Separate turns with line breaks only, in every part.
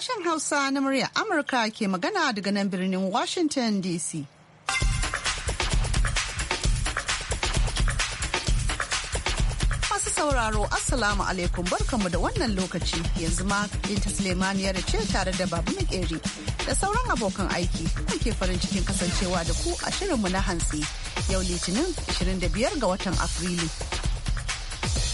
Sashen Hausa na murya Amurka ke magana daga nan birnin Washington DC. Masu sauraro Assalamu alaikum barkanmu da wannan lokaci yanzu ma Binta ya ce tare da Babu Makeri da sauran abokan aiki muke farin cikin kasancewa da ku a shirinmu na hantsi yau Litinin 25 ga watan Afrilu.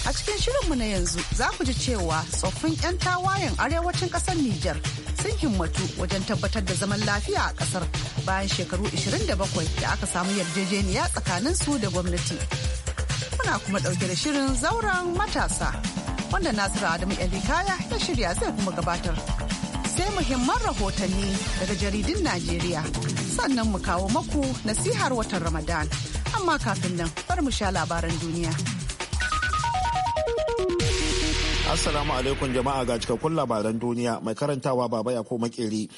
A cikin shirinmu na yanzu za ku ji cewa tsoffin 'yan tawayen arewacin ƙasar Nijar sun himmatu wajen tabbatar da zaman lafiya a ƙasar bayan shekaru 27 da aka samu yarjejeniya tsakanin su da gwamnati. Muna kuma ɗauke da shirin zauren matasa wanda Nasiru Adamu Elikaya ya shirya zai kuma gabatar. Sai muhimman rahotanni daga jaridun Najeriya sannan mu kawo maku nasihar watan Ramadan. Amma kafin nan bar mu sha labaran duniya.
Assalamu alaikum jama'a ga cikakkun labaran duniya mai karantawa baba ya ko makeri.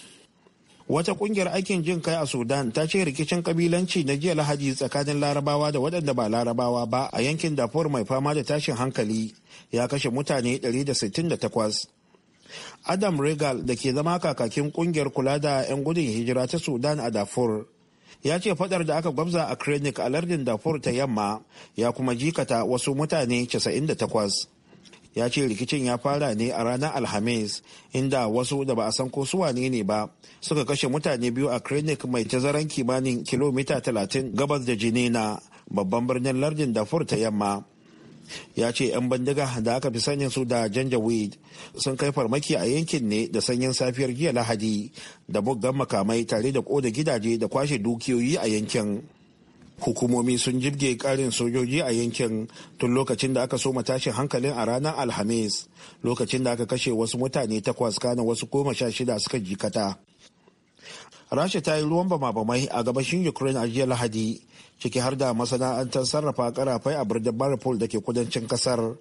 Wata kungiyar aikin jin kai a Sudan ta ce rikicin kabilanci na jiya Lahadi tsakanin Larabawa da waɗanda ba Larabawa ba a yankin Darfur mai fama da tashin hankali ya kashe mutane 168. Adam Regal da ke zama kakakin kungiyar kula da 'yan gudun hijira ta Sudan a Darfur ya ce fadar da aka gwabza a Krenik a lardin Darfur ta yamma ya kuma jikata wasu mutane 98. ya ce rikicin ya fara ne a ranar alhamis inda wasu da ba a san ko su ne ne ba suka kashe mutane biyu a clinic mai tazaran kimanin kilomita 30 gabas da jinina babban birnin lardin dafur ta yamma ya ce 'yan bandiga da aka fi sanin su da weed sun kai farmaki a yankin ne da sanyin safiyar jiya lahadi da buggan makamai tare da koda gidaje da kwashe dukiyoyi a yankin hukumomi sun jibge karin sojoji a yankin tun lokacin da aka soma tashin hankalin a ranar alhamis lokacin da aka kashe wasu mutane takwas kana wasu goma sha shida suka jikata rasha ta yi ruwan bama-bamai a gabashin ukraine a jiya lahadi ciki har da masana'antar sarrafa karafai a birnin maripol da ke kudancin kasar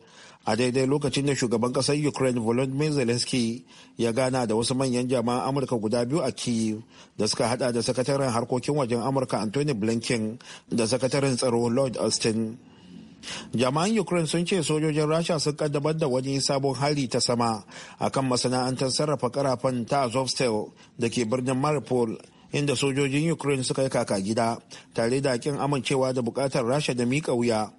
a daidai lokacin da shugaban kasar ukraine volodymyr zelensky ya gana da wasu manyan jama'an amurka guda biyu a kiev da suka hada da sakataren harkokin wajen amurka anthony blinken da sakataren tsaro lord austin jama'an ukraine sun ce sojojin rasha sun kaddamar da wani sabon hari ta sama akan masana'antar sarrafa karafan ta azovstal da ke birnin maripol inda sojojin ukraine suka yi kaka gida tare da kin amincewa da bukatar rasha da mika wuya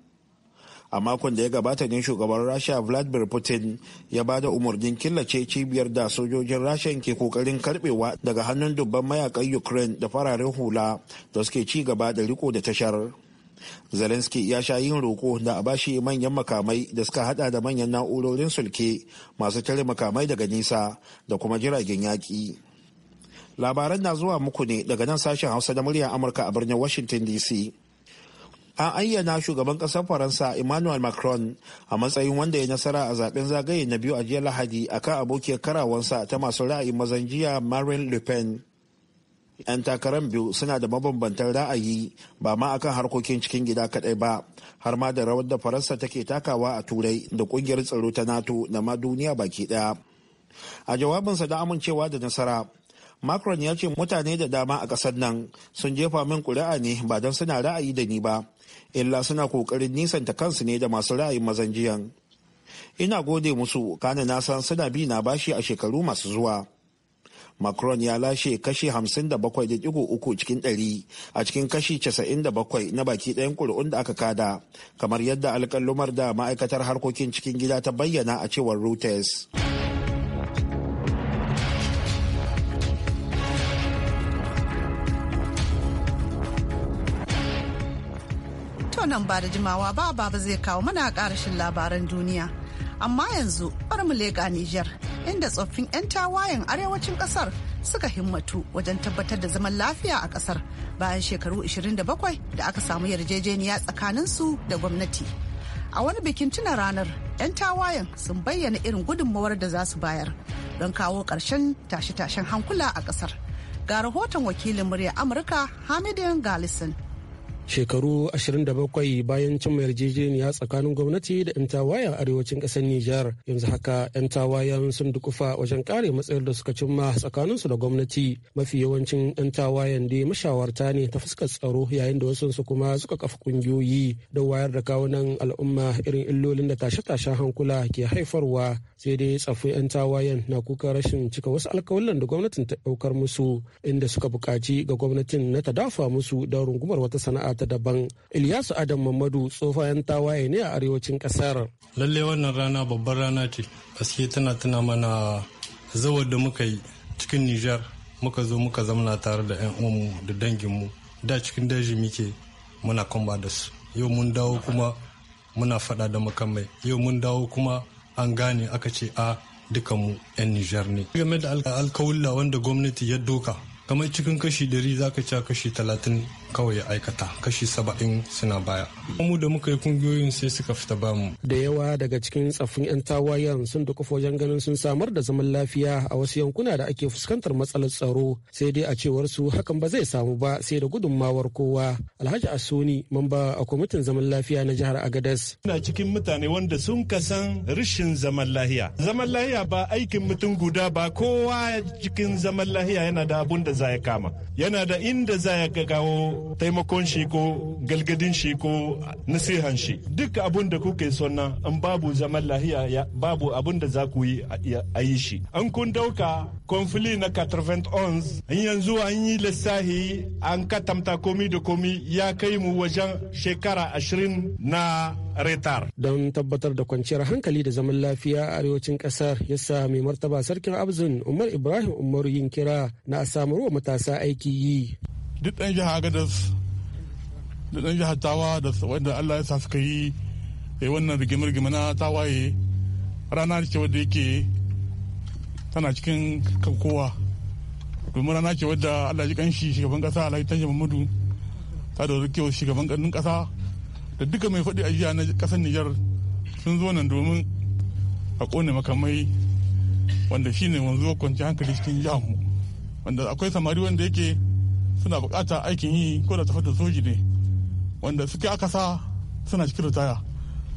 a makon da ya gabata ne shugaban rasha vladimir putin ya ba da umarnin killace cibiyar da sojojin rasha ke kokarin karbewa daga hannun dubban mayakan ukraine da fararen hula da suke ci gaba da riko da tashar Zelensky ya sha yin roko da a bashi manyan makamai da suka hada da manyan na'urorin sulke masu tare makamai daga nisa da kuma jiragen yaƙi. Labaran na zuwa muku ne daga nan sashen Hausa da muryar Amurka a birnin Washington DC. An ayyana shugaban ƙasar Faransa Emmanuel Macron a matsayin wanda ya nasara a zaben zagaye na biyu a jiya Lahadi akan abokiyar karawansa ta masu ra'ayin mazan jiya Marine Le Pen. 'yan takarar biyu suna da mabambantan ra'ayi ba ma akan harkokin cikin gida kaɗai ba har ma da rawar da faransa take takawa a turai da ƙungiyar tsaro ta nato da ma duniya baki ɗaya a jawabinsa da amincewa da nasara macron ya ce mutane da dama a ƙasar nan sun jefa min kuri'a ne ba don suna ra'ayi da ni ba illa suna kokarin nisanta kansu ne da masu ra'ayin mazan jiyan ina gode musu kana na san suna bi na bashi a shekaru masu zuwa macron ya lashe kashi 57.3 cikin 100 a cikin kashi 97 na baki ɗayan ƙuri'un da aka kada kamar yadda alkalumar da ma'aikatar harkokin cikin gida ta bayyana a cewar reuters
nan ba da jimawa ba baba zai kawo mana ƙarashin labaran duniya amma yanzu bar mu leƙa Nijar inda tsoffin 'yan tawayen arewacin ƙasar suka himmatu wajen tabbatar da zaman lafiya a ƙasar bayan shekaru 27 da aka samu yarjejeniya tsakaninsu da gwamnati. A wani bikin tuna ranar, 'yan tawayen sun bayyana irin gudunmawar da za su bayar don kawo ƙarshen tashe-tashen hankula a ƙasar. Ga rahoton wakilin murya Amurka Hamidin Galison
shekaru 27 bayan cimma yarjejeniya tsakanin gwamnati da 'yan tawayen arewacin ƙasar Nijar yanzu haka 'yan tawayen sun dukufa wajen kare matsayar da suka cimma tsakaninsu da gwamnati mafi yawancin 'yan tawayen dai mashawarta ne ta fuskar tsaro yayin da wasu kuma suka kafa kungiyoyi don wayar da kawunan al'umma irin illolin da tashe-tashen hankula ke haifarwa sai dai tsafin 'yan tawayen na kuka rashin cika wasu alkawallan da gwamnatin ta daukar musu inda suka buƙaci ga gwamnatin na ta dafa musu da rungumar wata sana'a ta daban ilyasu adam mamadu tsofa 'yan tawaye ne a arewacin ƙasar
lalle wannan rana babbar rana ce gaske tana tana mana zawar da muka yi cikin nijar muka zo muka zamana tare da 'yan uwanmu da mu da cikin daji muke muna kwamba da su yau mun dawo kuma muna faɗa da makamai yau mun dawo kuma an gane aka ce a dukanmu 'yan Nijar ne. Game da alkawulla wanda gwamnati ya doka, kamar cikin kashi dari za ka ci kashi talatin kawai ya aikata kashi saba'in suna baya mu da muka yi kungiyoyin sai suka fita ba mu
da yawa daga cikin tsaffin yan tawayen sun dukufa wajen ganin sun samar da zaman lafiya a wasu yankuna da ake fuskantar matsalar tsaro sai dai a cewar su hakan ba zai samu ba sai da gudummawar kowa alhaji asoni mamba a kwamitin zaman lafiya na jihar
agadas ina cikin mutane wanda sun kasan rishin zaman lahiya zaman lahiya ba aikin mutum guda ba kowa cikin zaman lahiya yana da abun da za ya kama yana da inda za ya gawo taimakon shi ko galgadin shi ko nasihan shi duk abun da kuke sonna in babu zaman lahiya babu abun da za ku yi a yi shi an kun dauka konfili na 91 in yanzu an yi lissahi an katamta komi da komi ya kai mu wajen shekara ashirin
na retar don tabbatar da kwanciyar hankali da zaman lafiya a arewacin kasar yasa mai martaba sarkin abzin umar ibrahim umaru yin kira na a samarwa matasa aiki yi
duk ɗan jiha gadas da ɗan jihar tawa da wanda allah ya sa suka yi ya eh, wannan rigimar na tawaye rana ce wadda yake tana cikin kankowa domin rana ce wadda allah ji kanshi shugaban kasa alhaji tanshi mamadu ta da kewa shugaban ƙarnin kasa da duka mai faɗi a jiya na ƙasar nijar sun zo nan domin a ƙone makamai wanda shine wanzuwa kwanci hankali cikin jihar wanda akwai samari wanda yake
suna bukatar aikin yi ko da tafi soji ne wanda suke aka sa suna cikin ritaya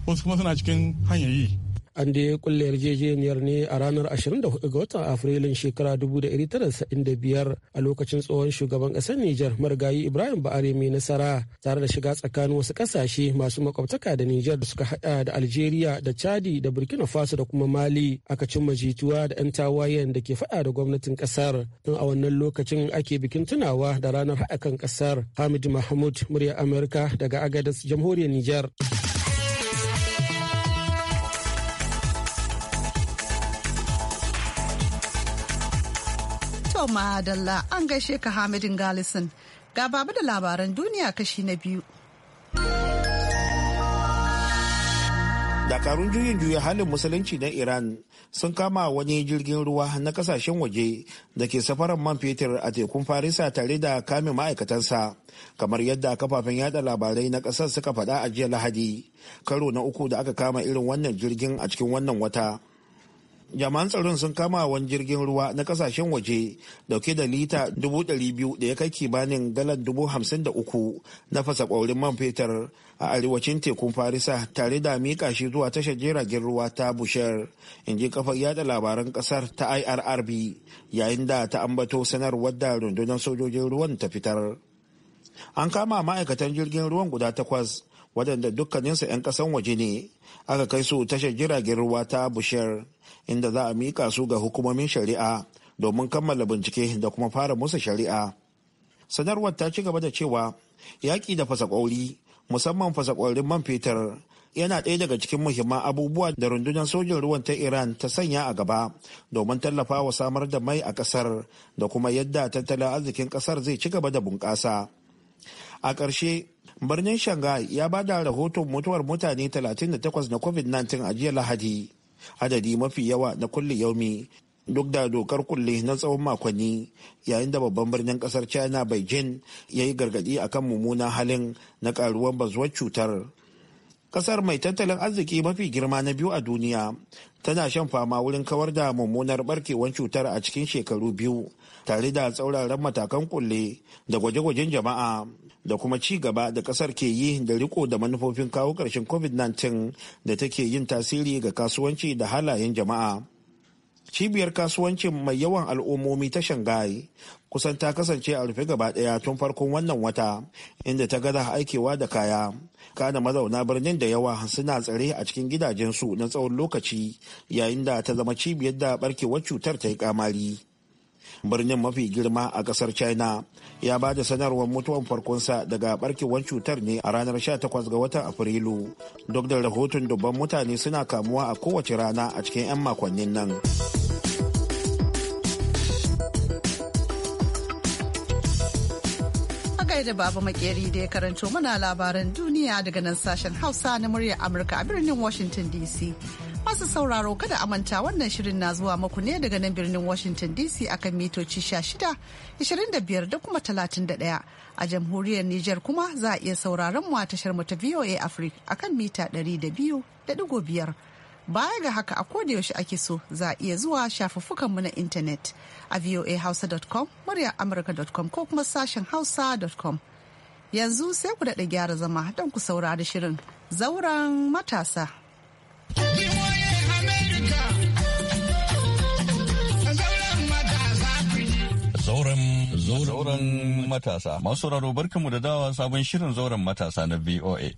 wasu kuma suna cikin hanyar yi an da kulle yarjejeniyar ne a ranar 24 ga watan afrilun shekara 1975 a lokacin tsohon shugaban ƙasar Nijar marigayi Ibrahim Ba'are mai nasara tare da shiga tsakanin wasu ƙasashe masu makwabtaka da Nijar da suka haɗa da Algeria da Chadi da Burkina Faso da kuma Mali aka cimma jituwa da 'yan tawayen da ke faɗa da gwamnatin ƙasar tun a wannan lokacin ake bikin tunawa da ranar haɗa kan ƙasar Hamid Mahmud murya Amurka daga Agadas jamhuriyar Nijar.
To madalla an gaishe ka Hamidin Galison ga babu da labaran duniya kashi na biyu.
dakarun juyin juya halin musulunci na iran sun kama wani jirgin ruwa na kasashen waje da ke safaran man fetur a tekun farisa tare da kame ma'aikatansa kamar yadda kafafen yada labarai na kasar suka faɗa a jiya lahadi karo na uku da aka kama irin wannan jirgin a cikin wannan wata jama'an tsaron sun kama wani jirgin ruwa na kasashen waje dauke da lita 200,000 da ya kai kimanin galan uku na fasa kwaurin man fetur a arewacin tekun farisa tare da mika shi zuwa tashar jiragen ruwa ta bushar in ji kafar yada labaran kasar ta irrb yayin da ta ambato sanarwar da rundunar sojojin ruwan ta fitar an kama ma'aikatan jirgin ruwan guda takwas wadanda dukkaninsu 'yan ƙasan waje ne aka kai su tashar jiragen ruwa ta bushar inda za a mika su ga hukumomin shari'a domin kammala bincike da kuma fara musu shari'a sanarwar ta ci gaba da cewa yaƙi da fasa fasakwauri musamman fasa fasakwaurin man fetur yana ɗaya daga cikin muhimman abubuwa da rundunar sojin ruwan ta iran ta sanya a gaba domin tallafa wa samar da mai a ƙasar da kuma yadda tattalin arzikin ƙasar zai ci gaba da bunƙasa a ƙarshe birnin shanghai ya ba da rahoton mutuwar mutane 38 na covid-19 a jiya lahadi adadi mafi yawa na kulle yaumi duk da dokar kulle na tsawon makonni yayin da babban birnin kasar china beijing ya yi gargadi akan mummunan halin na karuwan bazuwar cutar kasar mai tattalin arziki mafi girma na biyu a duniya tana shan fama wurin kawar da mummunar barkewar cutar a cikin shekaru biyu tare da tsauraran matakan kulle da gwaje-gwajen jama'a da kuma ci gaba da kasar ke yi da riko da manufofin kawo ƙarshen covid-19 da take yin tasiri ga kasuwanci da halayen jama'a cibiyar kasuwancin mai yawan al'ummomi ta shanghai kusan ta kasance a rufe gaba ɗaya tun farkon wannan wata inda ta gada aikewa da kaya kana mazauna birnin da yawa suna tsare a cikin gidajensu na tsawon lokaci yayin da ta zama cibiyar da barkewar cutar ta yi kamari birnin mafi girma a kasar china ya ba da sanarwar mutuwan farkonsa daga barkewar cutar ne a ranar 18 ga watan afrilu duk da rahoton dubban mutane suna kamuwa a kowace rana a cikin 'yan makonnin nan
da babu makeri da ya karanto mana labaran duniya daga nan sashen hausa na murya amurka a birnin washington dc Masu sauraro kada a manta wannan shirin na zuwa maku ne daga nan birnin Washington DC akan mitoci 16, da kuma 31. A jamhuriyar niger kuma za a iya sauraron mu a tashar mu ta VOA Africa akan mita 200.5. Baya ga haka a koda yaushe ake so za a iya zuwa shafuffukan mu na intanet a voahausa.com, muryar amurka.com ko kuma sashen hausa.com. Yanzu sai ku daɗa gyara zama don ku saurari shirin zauren matasa. Yeah.
Zauren matasa. Masu raro barkamu da dawa sabon shirin zauren matasa na VOA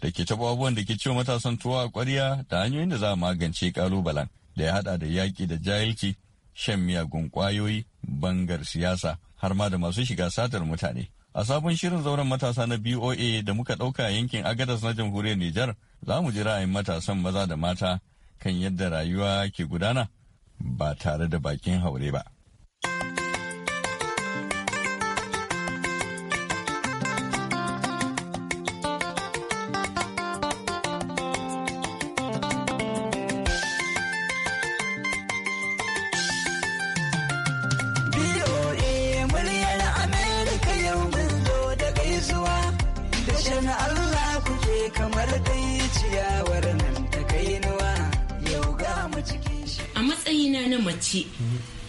da ke taɓa abubuwan da ke ciwo matasan tuwa a kwariya da hanyoyin da za a magance ƙalubalen da ya haɗa da yaƙi da jahilci, shan miyagun ƙwayoyi, bangar siyasa, har ma da masu shiga satar mutane. A sabon shirin zauren matasa na BOA da muka ɗauka a yankin Agadas na jamhuriyar Nijar, za mu ji ra'ayin matasan maza da mata kan yadda rayuwa ke gudana ba tare da bakin haure ba.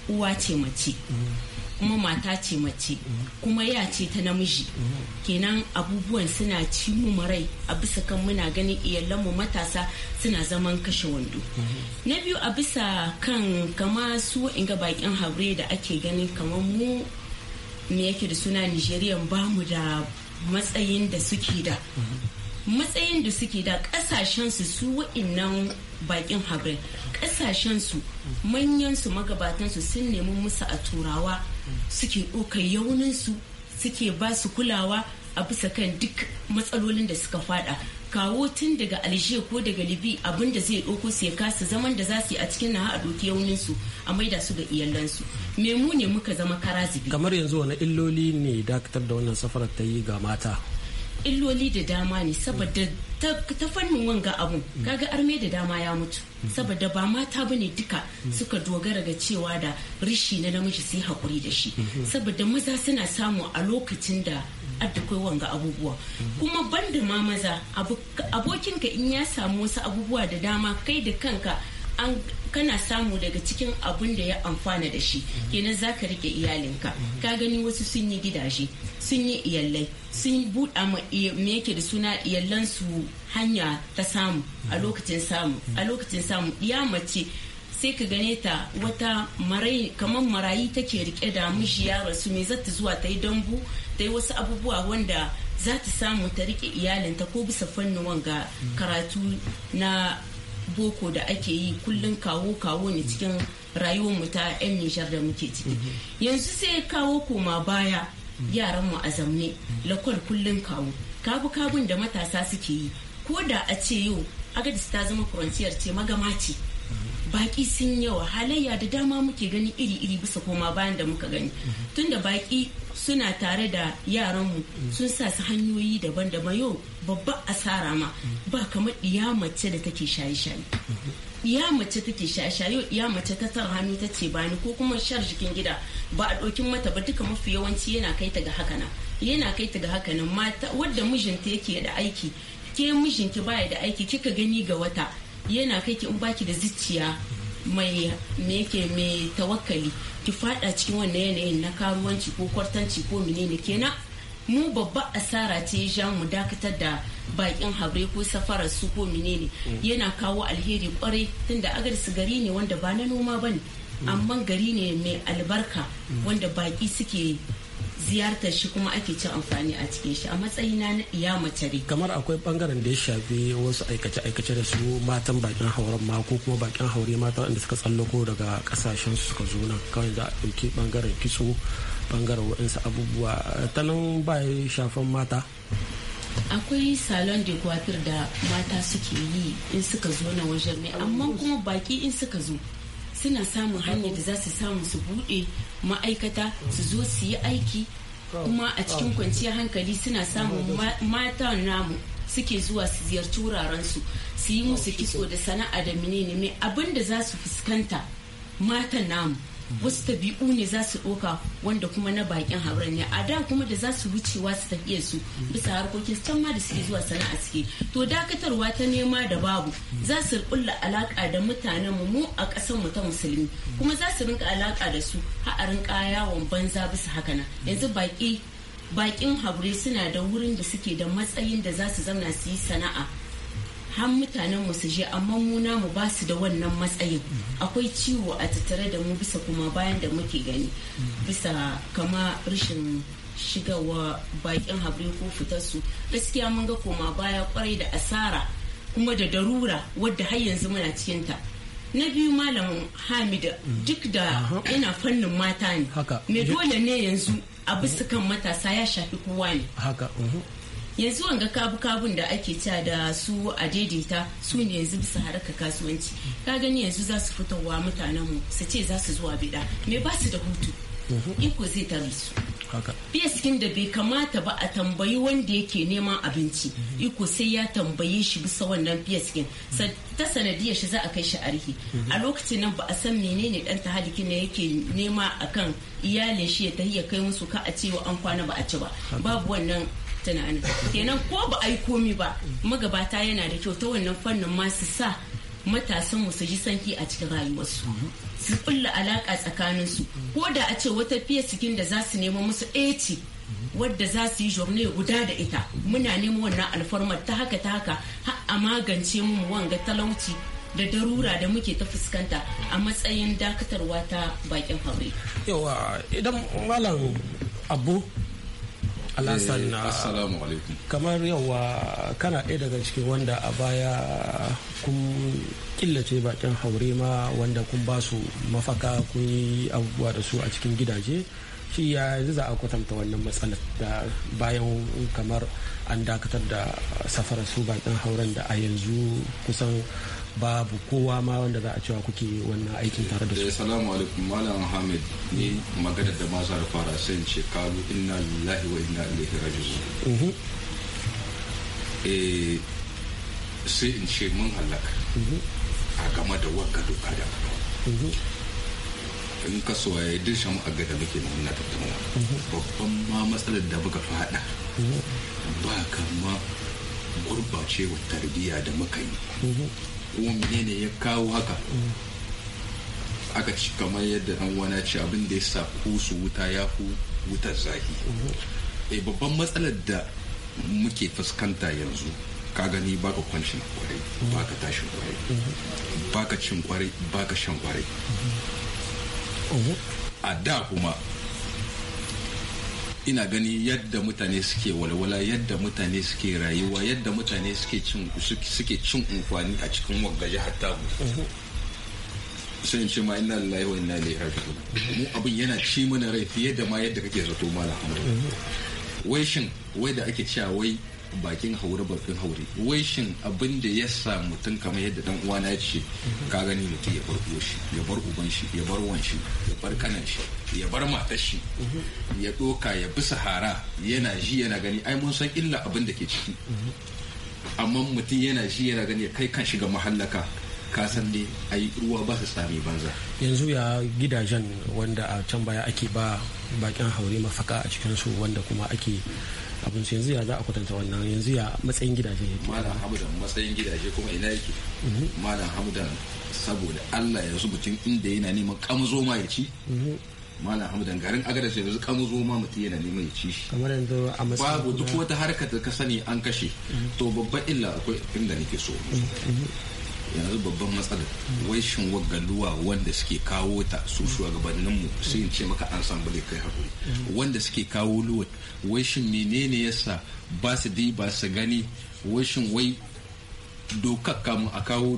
uwa ce mace kuma mata ce mace kuma ya ce ta namiji kenan abubuwan suna ci mu marai a bisa kan muna ganin iyalanmu matasa suna zaman kashe wando na biyu a bisa kan kama su inga bakin haure da ake ganin kamar mu me yake da suna ba mu da matsayin da suke da matsayin da suke da kasashen su su nan. bakin habrin su magabatan su sun nemi musu a turawa suke ɗaukar su suke ba su kulawa a bisa kan duk matsalolin da suka fada kawo tun daga alshe ko daga libi abin da zai ɗauko su ya kasa zaman da za su yi a cikin na a ɗauki su a maida su ga iyalansu me mu ne muka zama karazibi
kamar yanzu wani illoli ne dakatar da wannan safarar ta yi ga mata
illoli da dama ne saboda ta fannin wanga abun kaga arme da dama ya mutu saboda ba mata bane duka suka dogara ga cewa da rishi na namiji sai hakuri da shi saboda maza suna samu a lokacin da addukai wanga abubuwa kuma banda ma maza abokinka in ya samu wasu abubuwa da dama kai da kanka an kana samu daga cikin abun da ya amfana da shi mhm. kenan za ka rike iyalinka mhm. ka gani wasu sun yi gidaje sun yi iyalai sun buɗa ma me yake da suna iyallansu hanya ta samu a mhm. lokacin samu a lokacin samu iya mace sai ka gane ta wata marayi kamar marayi take rike da mishi ya rasu me zata zuwa ta yi dambu ta yi wasu abubuwa wanda za ta samu ta rike iyalinta ko bisa fannin wanga karatu na boko da ake yi kullum kawo kawo ne cikin rayuwar mu ta 'yan nishar da muke ciki mhm. yanzu sai kawo koma baya yaran mu a zamne lakwal kullum kawo kabu kabun da matasa suke yi ko da a ce yau agadis ta zama frontier ce magama ce baki sun yawa halayya da dama muke gani iri-iri bisa koma bayan da muka gani tun da baki suna tare da yaranmu sun sa su hanyoyi daban-daban yau babba asara ma ba kamar iya mace da take shaye-shaye iya mace take shaye-shaye iya mace ta tar hannu ta ce bani ko kuma shar jikin gida ba a ɗokin mata ba duka mafi yawanci yana kai ta ga haka na yana kai ta ga haka na wadda mijinta yake da aiki ke mijinki baya da aiki kika gani ga wata yana kai ki in baki da zuciya mai mai tawakkali ki fada cikin wannan yanayin na karuwanci ko kwartanci ko menene kenan mu babba asara ce ya mu dakatar da bakin habre ko safarar su ko menene yana kawo alheri kwarai tunda su gari ne wanda ba na noma bane mm. amma gari ne mai albarka mm. wanda baki suke ziyartar shi kuma ake cin amfani a cikin shi a matsayina na
iya mace kamar akwai bangaren da ya shafi wasu aikace aikace da su matan bakin hauren ma ko kuma bakin haure mata wanda suka tsallako daga kasashen su suka zo nan kawai da bangaren kitso bangaren waɗansu abubuwa ta nan ba shafan mata
akwai salon de coiffure da mata suke yi in suka zo na wajen mai amma kuma baki in suka zo suna samun hanyar da za su samu su buɗe. ma'aikata su zo su yi aiki kuma a cikin kwanciyar hankali suna samun mata namu suke zuwa su ziyarci wuraren su yi musu kitso da sana'a da menene mai abin da za su fuskanta matan namu wasu tabi'u ne za su ɗoka wanda kuma na bakin hauren ne a da kuma da za su wucewa su tafiye su bisa harkokin can ma da suke zuwa sana'a suke to dakatarwa ta nema da babu za su rikulla alaka da mutanen mu mu a ƙasar mu ta musulmi kuma za su rinka alaka da su ha'arin ƙayawan banza bisa haka nan yanzu baki bakin haure suna da wurin da suke da matsayin da za su zauna su yi sana'a har mutanen mu su je amma mu mu ba su da wannan matsayin akwai ciwo a tattare da mu bisa kuma bayan da muke gani bisa kama rashin shigawa bakin habri ko fitar su gaskiya mun ga koma baya kwarai da asara kuma da darura wadda har yanzu muna cikin ta na biyu malam hamida duk da ina fannin mata ne me dole ne yanzu a bisa kan matasa ya shafi kowa ne yanzu wanga kabu kabun da ake ca da su a daidaita su ne yanzu bisa harkar kasuwanci ka gani yanzu za su fitowa mutanen mu su ce za su zuwa bida me ba su da hutu mhm. iko zai tare su cikin da bai kamata ba a tambayi wanda yake neman abinci mhm. iko sai ya tambaye shi bisa wannan fiye ta sanadiyar shi za a kai shi arhi mhm. a lokacin nan ba a san menene dan halikin na yake nema akan iyalin shi ya tahi ya kai musu ka a cewa an kwana ba a ci ba babu wannan tana kenan ko ba a yi komi ba magabata yana da kyau ta wannan fannin masu sa matasan mu su ji sanki a cikin rayuwarsu su kulla alaka tsakanin su ko da a ce wata fiye cikin da za su nema musu eci wadda za su yi jorne guda da ita muna nemi wannan alfarmar ta haka ta haka har a magance mu wanga talauci da darura da muke ta fuskanta a matsayin dakatarwa ta bakin haure. Yawa
idan malam abu
na eh, ah, assalamu
alaikum
kamar yawa kana ɗaya daga cikin wanda a baya kun killace bakin haure ma wanda kun ba su mafaka kun yi abubuwa da su a cikin gidaje shi ya za a kwatanta wannan matsalar da bayan kamar an dakatar da safarar su bakin hauren da a yanzu kusan babu kowa ma wanda za a cewa kuke wannan aikin tare da su. Assalamu
eh, alaikum Malam Muhammad ni magana da maza da fara sai ce kalu inna lillahi wa inna ilaihi raji'un. Mhm. Eh sai in ce mun halaka mhm. a game da wakka doka da. in ka so ya duk shamu a gada muke na muna babban ma matsalar da muka fada ba kama gurbacewa tarbiyya da muka yi ko menene ya kawo haka aka ci kamar yadda an wana ci abin da ya sa ko su wuta ya fi wutar zafi eh babban matsalar da muke fuskanta yanzu ka gani baka kwanci kwarai baka tashin kwarai baka cin kwarai baka shan kwarai a da kuma ina gani yadda mutane suke walwala yadda mutane suke rayuwa yadda mutane suke cin suke a cikin wagga jihar mu sai in ce ma ina lillahi wa ina lai raji'un mu abin yana ci mana rai fiye da ma yadda kake zato malam wai shin wai da ake cewa wai bakin haure bakin haure wai shin abin da ya sa mutum kamar yadda dan uwana na ce ka gani mutum ya bar shi ya bar uban shi ya bar wan shi ya bar kanan shi ya bar matar shi ya doka ya bi sahara yana ji yana gani ai mun san illa abin da ke ciki amma mutum yana ji yana gani ya kai kan shiga ga mahallaka ka san ne ai ruwa ba su sami banza
yanzu ya gidajen wanda a can baya ake ba bakin haure mafaka a cikin su wanda kuma ake su yanzu ya za a kwatanta wannan yanzu ya matsayin gidaje yake malam
hamdan matsayin gidaje kuma ina yake mhm. malam hamdan saboda Allah ya zuba cin inda yana neman kamzo ma ya ci mhm. malam hamdan garin agada sai yanzu kamzo ma mutum yana neman ya ci
kamar yanzu a matsayin babu duk wata
harkar da ka sani an kashe mhm. to babban illa akwai inda nake so yanzu babban matsalar wai shin wagaluwa wanda suke kawo ta su mu sai ce maka an san bale kai hakuri wanda suke kawo luwa wai shin menene yasa ba su dai ba su gani wai shin wai dokar kamun a kawo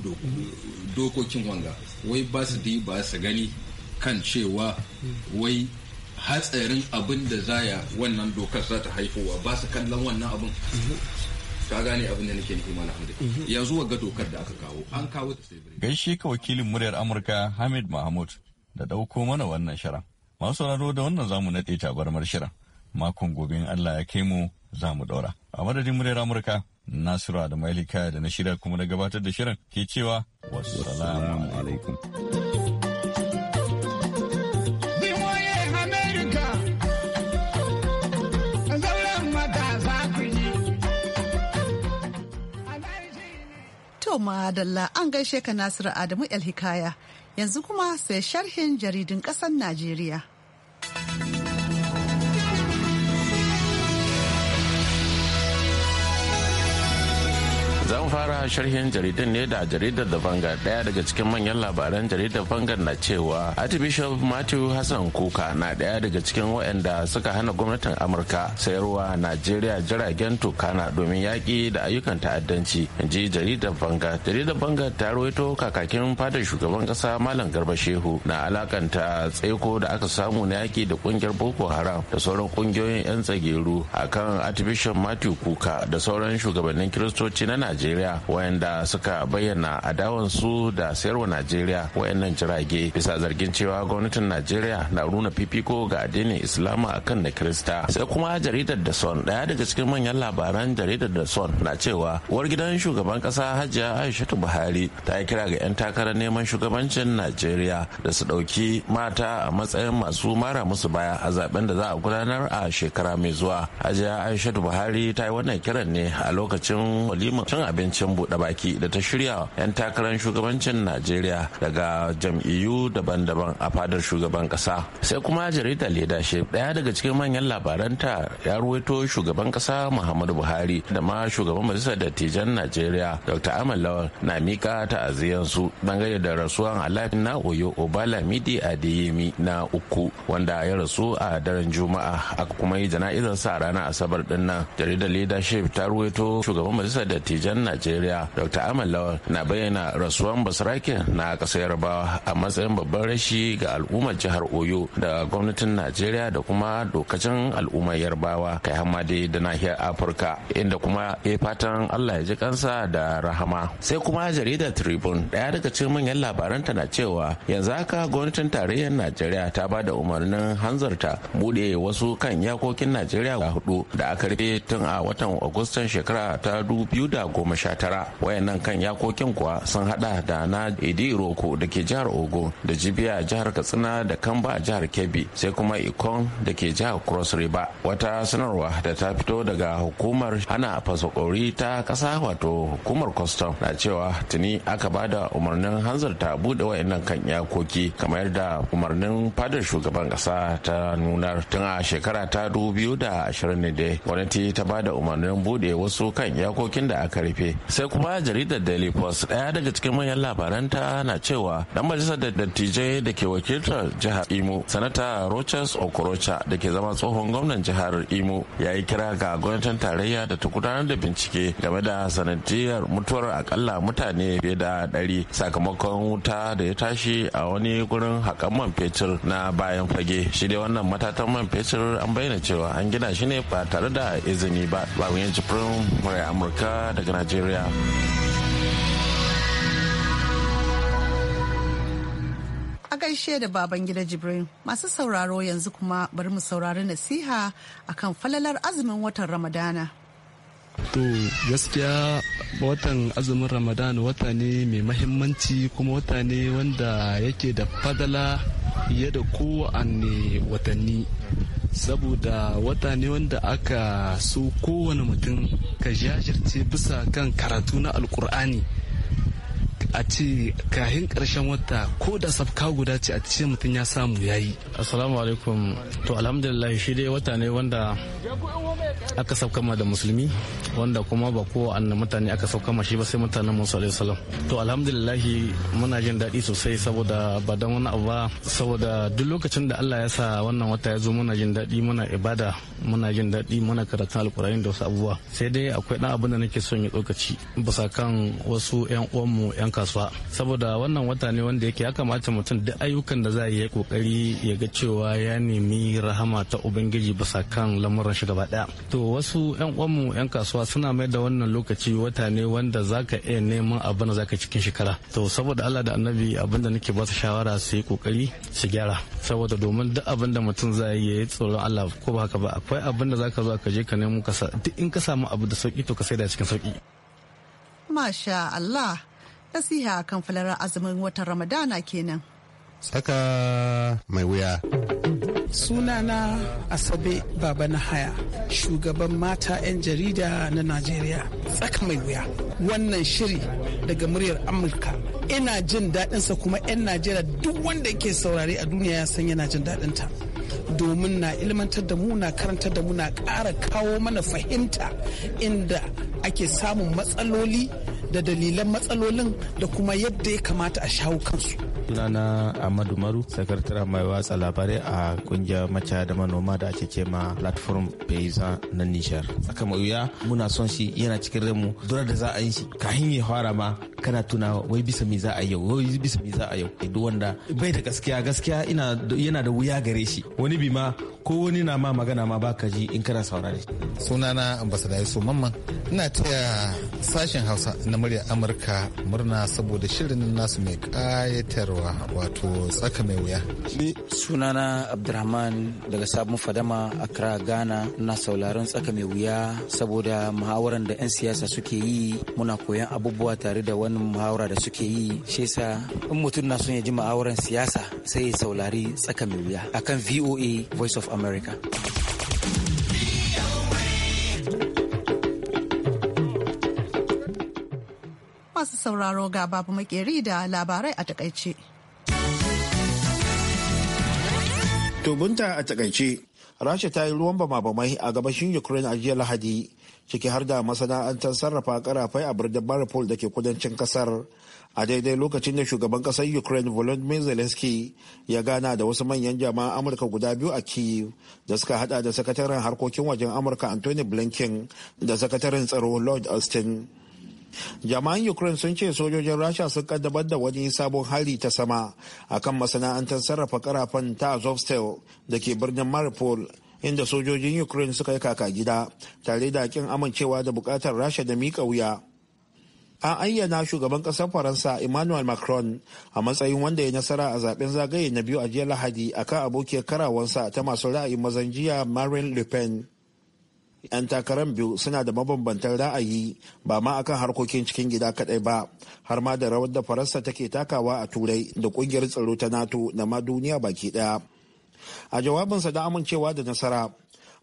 dokokin wanga wai ba su dai ba su gani kan cewa wai hatsarin abin da zaya wannan dokar za ta haifowa ba su kallon wannan abin ka gane abin da nake nufi malam Hamid mhm. yanzu wagga dokar da aka kawo an kawo ta gaishe ka wakilin muryar Amurka Hamid Mahmud da dauko mana wannan shirin masu sauraro da wannan zamu nade tabarmar shirin makon gobe in Allah ya kai mu za mu daura a madadin muryar Amurka Nasiru da Malika da na shirya kuma na gabatar da shirin ke cewa wassalamu alaikum.
To madalla an gaishe ka Nasiru Adamu El Hikaya yanzu kuma sai sharhin jaridun ƙasar Najeriya.
fara sharhin jaridar ne da jaridar da daya daga cikin manyan labaran jaridar fangar na cewa archbishop matthew hassan kuka na daya daga cikin waɗanda suka hana gwamnatin amurka sayarwa najeriya jiragen tukana domin yaƙi da ayyukan ta'addanci in ji jaridar fanga jaridar fanga ta rawaito kakakin fadar shugaban ƙasa malam garba shehu na alakanta tsaiko da aka samu na yaƙi da ƙungiyar boko haram da sauran ƙungiyoyin 'yan tsageru akan archbishop matthew kuka da sauran shugabannin kiristoci na najeriya wayanda suka bayyana adawansu da sayarwa najeriya wayannan jirage bisa zargin cewa gwamnatin najeriya na runa fifiko ga addinin islama akan da kirista sai kuma jaridar da son daya daga cikin manyan labaran jaridar da son na cewa uwar gidan shugaban kasa hajiya aishatu buhari ta yi kira ga 'yan takarar neman shugabancin najeriya da su ɗauki mata a matsayin masu mara musu baya a zaben da za a gudanar a shekara mai zuwa hajiya aishatu buhari ta yi wannan kiran ne a lokacin walimar cin abincin buɗe baki da ta shirya 'yan takarar shugabancin najeriya daga jam'iyyu daban-daban a fadar shugaban ƙasa sai kuma jaridar leadership ɗaya daga cikin manyan labaranta ya ruwaito shugaban kasa muhammadu buhari da ma shugaban majalisar dattijan najeriya dr amal lawal na miƙa su. dangane da rasuwan alafin na oyo obalamidi adeyemi na uku wanda ya rasu a daren juma'a aka kuma yi jana'izar sa ranar asabar ɗin nan jaridar leadership ta ruwaito shugaban majalisar dattijan najeriya najeriya dr amal lawal na bayyana rasuwan basarake na ƙasar yarbawa a matsayin babban rashi ga al'ummar jihar oyo da gwamnatin najeriya da kuma dokacin al'ummar yarbawa kai hamadi da nahiyar afirka inda kuma ya fatan allah ya ji kansa da rahama sai kuma jaridar tribune daya daga cikin manyan labaranta na cewa yanzu haka gwamnatin tarayyar najeriya ta ba da umarnin hanzarta bude wasu kan yakokin najeriya hudu da aka rufe tun a watan agustan shekara ta 2019 wayannan kan yakokin kuwa sun hada da na idi roko da ke jihar ogo da jibiya jihar katsina da kamba a jihar kebbi sai kuma ikon da ke jihar cross river wata sanarwa da ta fito daga hukumar hana fasokori ta kasa wato hukumar custom na cewa tuni aka ba da umarnin hanzarta bude wayannan kan yakoki kamar da umarnin fadar shugaban kasa ta nuna tun a shekara ta 2020 ne dai gwamnati ta ba da umarnin bude wasu kan yakokin da aka rufe sai kuma jaridar daily post ɗaya daga cikin manyan labaran ta na cewa dan majalisar dattijai da ke wakiltar jihar imo sanata rochas okorocha da ke zama tsohon gwamnan jihar imo ya yi kira ga gwamnatin tarayya da ta gudanar da bincike game da sanadiyar mutuwar akalla mutane fiye da ɗari sakamakon wuta da ya tashi a wani gurin haƙan man fetur na bayan fage shi dai wannan matatan man fetur an bayyana cewa an gina shi ne ba tare da izini ba ba yanci firin murai amurka daga najeriya
A gaishe da baban gida Jibrin masu sauraro yanzu kuma bari mu saurari nasiha akan falalar azumin watan Ramadana.
To gaskiya watan azumin ramadana wata ne mai mahimmanci kuma wata ne wanda yake da fadala fiye da kowane watanni. saboda wata ne wanda aka so kowane mutum ka jajirce bisa kan karatu na alkur'ani
a ce kahin karshen wata ko da safka guda ce a ce mutum ya samu ya yi assalamu alaikum to alhamdulillah shi dai wata ne wanda aka saukama da musulmi wanda kuma ba ko annan mutane aka saukama shi ba sai mutanen musu alaihi salam to alhamdulillah muna jin daɗi sosai saboda ba dan wani abu ba saboda duk lokacin da Allah ya sa wannan wata ya zo muna jin daɗi muna ibada muna jin daɗi muna karatun alkurani da wasu abubuwa sai dai akwai ɗan abin da nake son ya tsokaci bisa kan wasu yan uwanmu yan kasuwa saboda wannan wata ne wanda yake ya kamata mutum duk ayyukan da za a yi kokari ya ga cewa ya nemi rahama ta ubangiji bisa kan lamuran shi gaba daya to wasu yan uwanmu yan kasuwa suna mai da wannan lokaci wata ne wanda zaka iya neman abin da zaka cikin shekara to saboda Allah da annabi abin da nake ba su shawara su yi kokari su gyara saboda domin duk abin da mutum za yi tsoron Allah ko ba haka ba akwai abin da zaka zo ka je ka nemo ka duk in ka samu abu da sauki to ka sai da cikin sauki
masha Allah nasiha kan falar azumin watan ramadana kenan
saka
mai wuya
sunana asabe baba na haya shugaban mata 'yan jarida na najeriya tsaka mai wuya wannan shiri daga muryar amurka ina jin daɗinsa kuma 'yan najeriya duk wanda ke saurari a duniya ya san yana jin daɗinta domin na ilmantar da mu na karantar da mu na ƙara kawo mana fahimta inda ake samun matsaloli da dalilan matsalolin da kuma yadda ya kamata a shawo kansu.
Sunana Ahmadu Maru, sakataren mai watsa labarai a kungiyar maca da manoma da ake ce ma platform Paysa na Nijar. Saka mai wuya muna son shi yana cikin remu Dura da za a yi shi kahin ya fara ma kana tuna wai bisa me za a yau wai bisa me za a yau duk wanda bai da gaskiya gaskiya ina yana da wuya gare shi wani bi ma ko wani na ma magana ma baka ji in kana saurare sunana ambassador Yusuf Mamman ina taya sashen hausa na murya amurka
murna saboda shirin nasu mai kayatarwa wato tsaka mai wuya
sunana abdurrahman daga sabon fadama accra ghana na sauraron tsaka mai wuya saboda muhawaran da 'yan siyasa suke yi muna koyan abubuwa tare da wani muhawara da suke yi shi yasa in mutum na son ya ji muhawaran siyasa sai ya saurari tsaka mai wuya akan voa voice of america
sauraro ga babu makeri da labarai a takaice.
Tobinta a takaice, Rasha ta yi ruwan bamabamai a gabashin Ukraine a jiya Lahadi, ciki har da masana'antar sarrafa karafai a birnin Mariupol da ke kudancin kasar. A daidai lokacin da shugaban kasar Ukraine Volodymyr Zelensky ya gana da wasu manyan jama'a Amurka guda biyu a Kyiv da suka hada da sakataren harkokin wajen Amurka Anthony Blinken da sakataren tsaro Lord Austin. jama'an ukraine sun ce sojojin rasha sun kaddamar da wani sabon hari ta sama akan masana'antar sarrafa karafan ta azovstal da ke birnin maripol inda sojojin ukraine suka yi kaka gida tare da kin amincewa da bukatar rasha da mika wuya an ayyana shugaban kasar faransa emmanuel macron a matsayin wanda ya nasara a zaben zagaye na biyu a jiya lahadi akan abokiyar karawansa ta masu ra'ayin mazan jiya marine le pen 'yan takarar biyu suna da mabambantan ra'ayi ba ma akan harkokin cikin gida kadai ba har ma da rawar da faransa take takawa a turai da kungiyar tsaro ta nato da ma duniya baki daya a jawabinsa da amincewa da nasara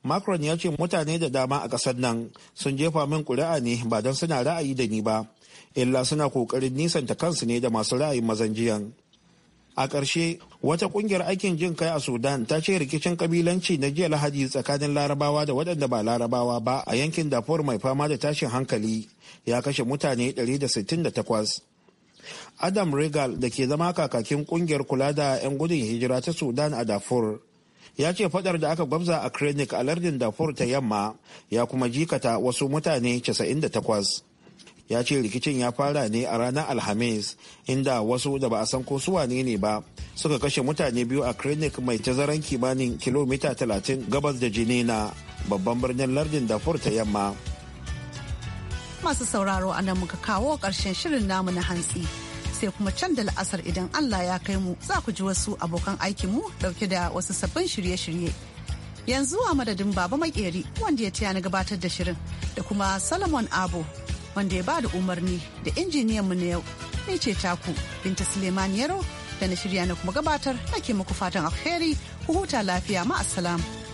macron ya ce mutane da dama a kasar nan sun jefa min kuri'a ne ba don suna ra'ayi da ni ba illa suna kokarin nisanta kansu ne da masu ra'ayin mazan jiyan a ƙarshe wata ƙungiyar aikin jin kai a sudan ta ce rikicin kabilanci na jiya lahadi tsakanin larabawa da waɗanda ba larabawa ba a yankin dafur mai fama da tashin hankali ya kashe mutane 168 adam regal da ke zama kakakin ƙungiyar kula da 'yan gudun hijira ta sudan a dafur ya ce fadar da aka gwabza a krenik a lardin dafur ta yamma ya kuma jikata wasu mutane 98 ya ce rikicin ya fara ne a ranar alhamis inda wasu da ba a san ko suwa ne ne ba suka kashe mutane biyu a clinic mai tazaran kimanin kilomita 30 gabas da jinina babban birnin lardin da ta yamma
masu sauraro a nan muka kawo ƙarshen shirin namu na hantsi sai kuma can da la'asar idan allah ya kai mu za ku ji wasu abokan aikinmu dauke da wasu sabbin shirye-shirye yanzu a madadin baba makeri wanda ya taya na gabatar da shirin da kuma solomon abu wanda ya ba da umarni da injiniyanmu na yau ni ce taku binta suleiman yaro da na shirya na kuma gabatar ake muku fatan alheri ku huta lafiya ma'asalam.